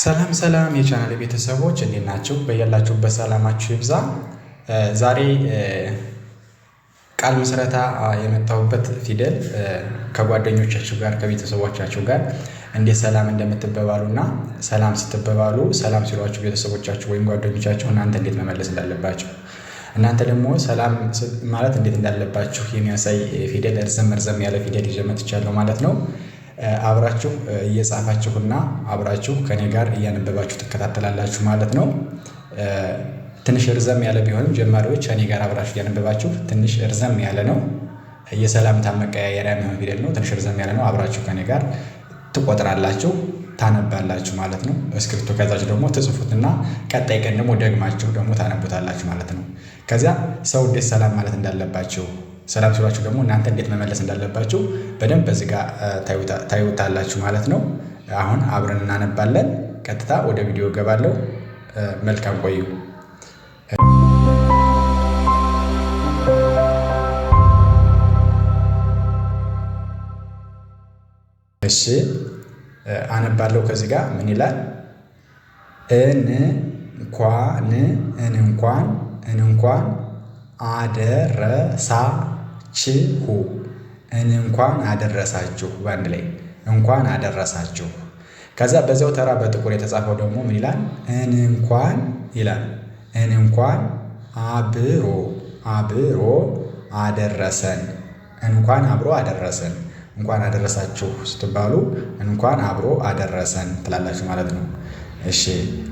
ሰላም ሰላም የቻናል ቤተሰቦች እንዴት ናችሁ? በያላችሁበት ሰላማችሁ ይብዛ። ዛሬ ቃል ምስረታ የመጣሁበት ፊደል ከጓደኞቻችሁ ጋር ከቤተሰቦቻችሁ ጋር እንዴት ሰላም እንደምትበባሉ እና ሰላም ስትበባሉ ሰላም ሲሏችሁ ቤተሰቦቻችሁ ወይም ጓደኞቻችሁ እናንተ እንዴት መመለስ እንዳለባችሁ እናንተ ደግሞ ሰላም ማለት እንዴት እንዳለባችሁ የሚያሳይ ፊደል እርዘም እርዘም ያለ ፊደል ይዤ መጥቻለሁ ማለት ነው። አብራችሁ እየጻፋችሁና አብራችሁ ከኔ ጋር እያነበባችሁ ትከታተላላችሁ ማለት ነው። ትንሽ እርዘም ያለ ቢሆንም ጀማሪዎች ከኔ ጋር አብራችሁ እያነበባችሁ ትንሽ እርዘም ያለ ነው። የሰላምታ መቀያየሪያ የሚሆን ፊደል ነው። ትንሽ እርዘም ያለ ነው። አብራችሁ ከኔ ጋር ትቆጥራላችሁ ታነባላችሁ ማለት ነው። እስክሪብቶ ከያዛችሁ ደግሞ ትጽፉትና ቀጣይ ቀን ደግሞ ደግማችሁ ደግሞ ታነቡታላችሁ ማለት ነው። ከዚያ ሰው እንዴት ሰላም ማለት እንዳለባቸው። ሰላም ሲሏችሁ ደግሞ እናንተ እንዴት መመለስ እንዳለባችሁ በደንብ በዚህ ጋር ታዩታላችሁ ማለት ነው። አሁን አብረን እናነባለን። ቀጥታ ወደ ቪዲዮ እገባለሁ። መልካም ቆዩ። እሺ አነባለሁ። ከዚህ ጋር ምን ይላል? እንኳን እንኳን እንኳን አደረሳችሁ እንኳን አደረሳችሁ በአንድ ላይ እንኳን አደረሳችሁ። ከዛ በዚያው ተራ በጥቁር የተጻፈው ደግሞ ምን ይላል? እንኳን ይላል እንኳን አብሮ አብሮ አደረሰን እንኳን አብሮ አደረሰን። እንኳን አደረሳችሁ ስትባሉ እንኳን አብሮ አደረሰን ትላላችሁ ማለት ነው። እሺ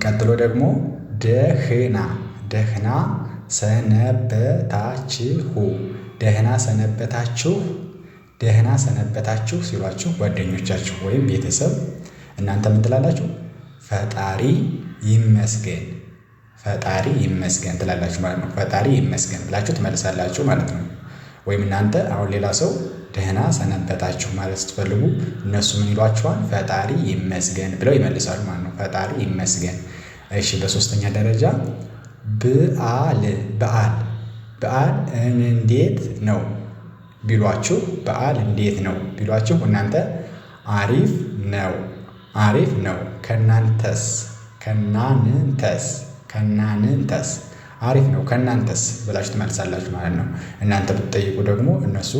ቀጥሎ ደግሞ ደህና ደህና ሰነበታችሁ ደህና ሰነበታችሁ ደህና ሰነበታችሁ ሲሏችሁ ጓደኞቻችሁ ወይም ቤተሰብ እናንተ ምን ትላላችሁ? ፈጣሪ ይመስገን ፈጣሪ ይመስገን ትላላችሁ ማለት ነው። ፈጣሪ ይመስገን ብላችሁ ትመልሳላችሁ ማለት ነው። ወይም እናንተ አሁን ሌላ ሰው ደህና ሰነበታችሁ ማለት ስትፈልጉ እነሱ ምን ይሏችኋል? ፈጣሪ ይመስገን ብለው ይመልሳሉ ማለት ነው። ፈጣሪ ይመስገን። እሺ፣ በሶስተኛ ደረጃ በአል በዓል በዓል እንዴት ነው? ቢሏችሁ በዓል እንዴት ነው ቢሏችሁ እናንተ አሪፍ ነው አሪፍ ነው ከናንተስ ከናንተስ ከናንተስ አሪፍ ነው ከእናንተስ ብላችሁ ትመልሳላችሁ ማለት ነው። እናንተ ብትጠይቁ ደግሞ እነሱ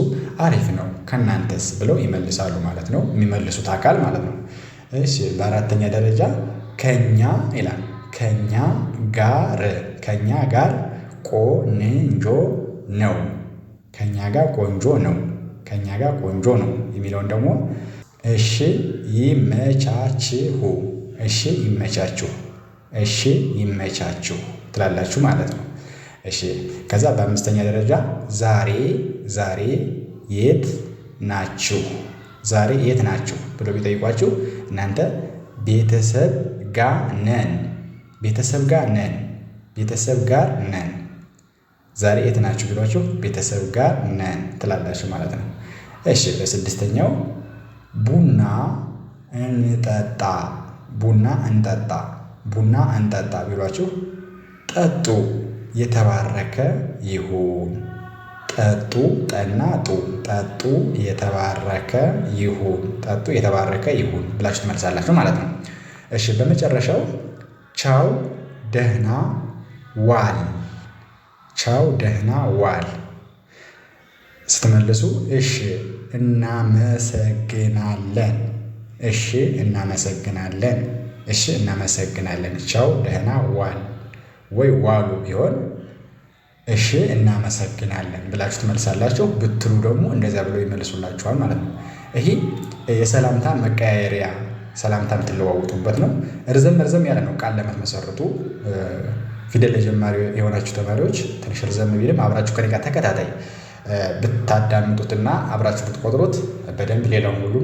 አሪፍ ነው ከእናንተስ ብለው ይመልሳሉ ማለት ነው የሚመልሱት አካል ማለት ነው። እሺ በአራተኛ ደረጃ ከኛ ይላል ከኛ ጋር ከኛ ጋር ቆንጆ ነው ከኛ ጋር ቆንጆ ነው ከኛ ጋር ቆንጆ ነው የሚለውን ደግሞ እሺ ይመቻችሁ እሺ ይመቻችሁ እሺ ይመቻችሁ ትላላችሁ ማለት ነው። እሺ ከዛ በአምስተኛ ደረጃ ዛሬ ዛሬ የት ናችሁ ዛሬ የት ናችሁ ብሎ ቢጠይቋችሁ እናንተ ቤተሰብ ጋ ነን ቤተሰብ ጋ ነን ቤተሰብ ጋር ነን። ዛሬ የት ናችሁ ቢሏችሁ ቤተሰብ ጋር ነን ትላላችሁ ማለት ነው። እሺ በስድስተኛው ቡና እንጠጣ፣ ቡና እንጠጣ፣ ቡና እንጠጣ ቢሏችሁ ጠጡ የተባረከ ይሁን ጠጡ ጠና ጡ ጠጡ የተባረከ ይሁን ጠጡ የተባረከ ይሁን ብላችሁ ትመልሳላችሁ ማለት ነው። እሺ በመጨረሻው ቻው ደህና ዋል ቻው ደህና ዋል ስትመልሱ እሺ እናመሰግናለን እሺ እናመሰግናለን እሺ እናመሰግናለን ቻው ደህና ዋል ወይ ዋሉ ቢሆን እሺ እናመሰግናለን ብላችሁ ትመልሳላችሁ። ብትሉ ደግሞ እንደዚያ ብለው ይመልሱላችኋል ማለት ነው። ይሄ የሰላምታ መቀያየሪያ ሰላምታ የምትለዋውጡበት ነው። እርዘም እርዘም ያለ ነው ቃል ለምትመሰርቱ ፊደል ለጀማሪ የሆናችሁ ተማሪዎች ትንሽ ርዘም ቢልም አብራችሁ ከኔ ጋር ተከታታይ ብታዳምጡትና አብራችሁ ብትቆጥሩት በደንብ ሌላውን ሁሉ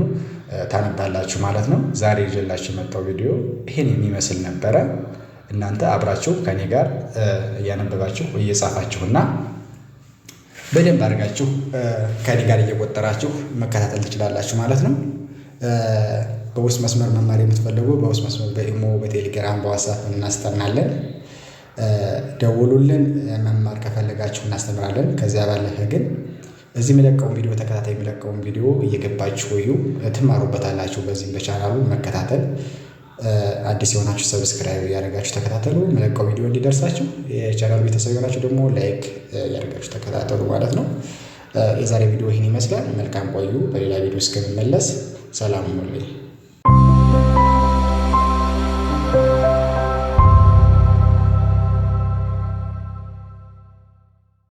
ታነባላችሁ ማለት ነው። ዛሬ ይዤላችሁ የመጣው ቪዲዮ ይህን የሚመስል ነበረ። እናንተ አብራችሁ ከኔ ጋር እያነበባችሁ እየጻፋችሁና በደንብ አድርጋችሁ ከኔ ጋር እየቆጠራችሁ መከታተል ትችላላችሁ ማለት ነው። በውስጥ መስመር መማር የምትፈልጉ በውስጥ መስመር በኢሞ፣ በቴሌግራም፣ በዋትስአፕ እናስጠናለን። ደውሉልን መማር ከፈለጋችሁ እናስተምራለን። ከዚያ ባለፈ ግን እዚህ የሚለቀውን ቪዲዮ ተከታታይ የሚለቀውን ቪዲዮ እየገባችሁ ወዩ ትማሩበታላችሁ። በዚህም በቻናሉ መከታተል አዲስ የሆናችሁ ሰብስክራይብ እያደረጋችሁ ተከታተሉ። የሚለቀው ቪዲዮ እንዲደርሳችሁ የቻናሉ ቤተሰብ የሆናችሁ ደግሞ ላይክ እያደረጋችሁ ተከታተሉ ማለት ነው። የዛሬ ቪዲዮ ይህን ይመስላል። መልካም ቆዩ። በሌላ ቪዲዮ እስከምመለስ ሰላም ሁኑልኝ።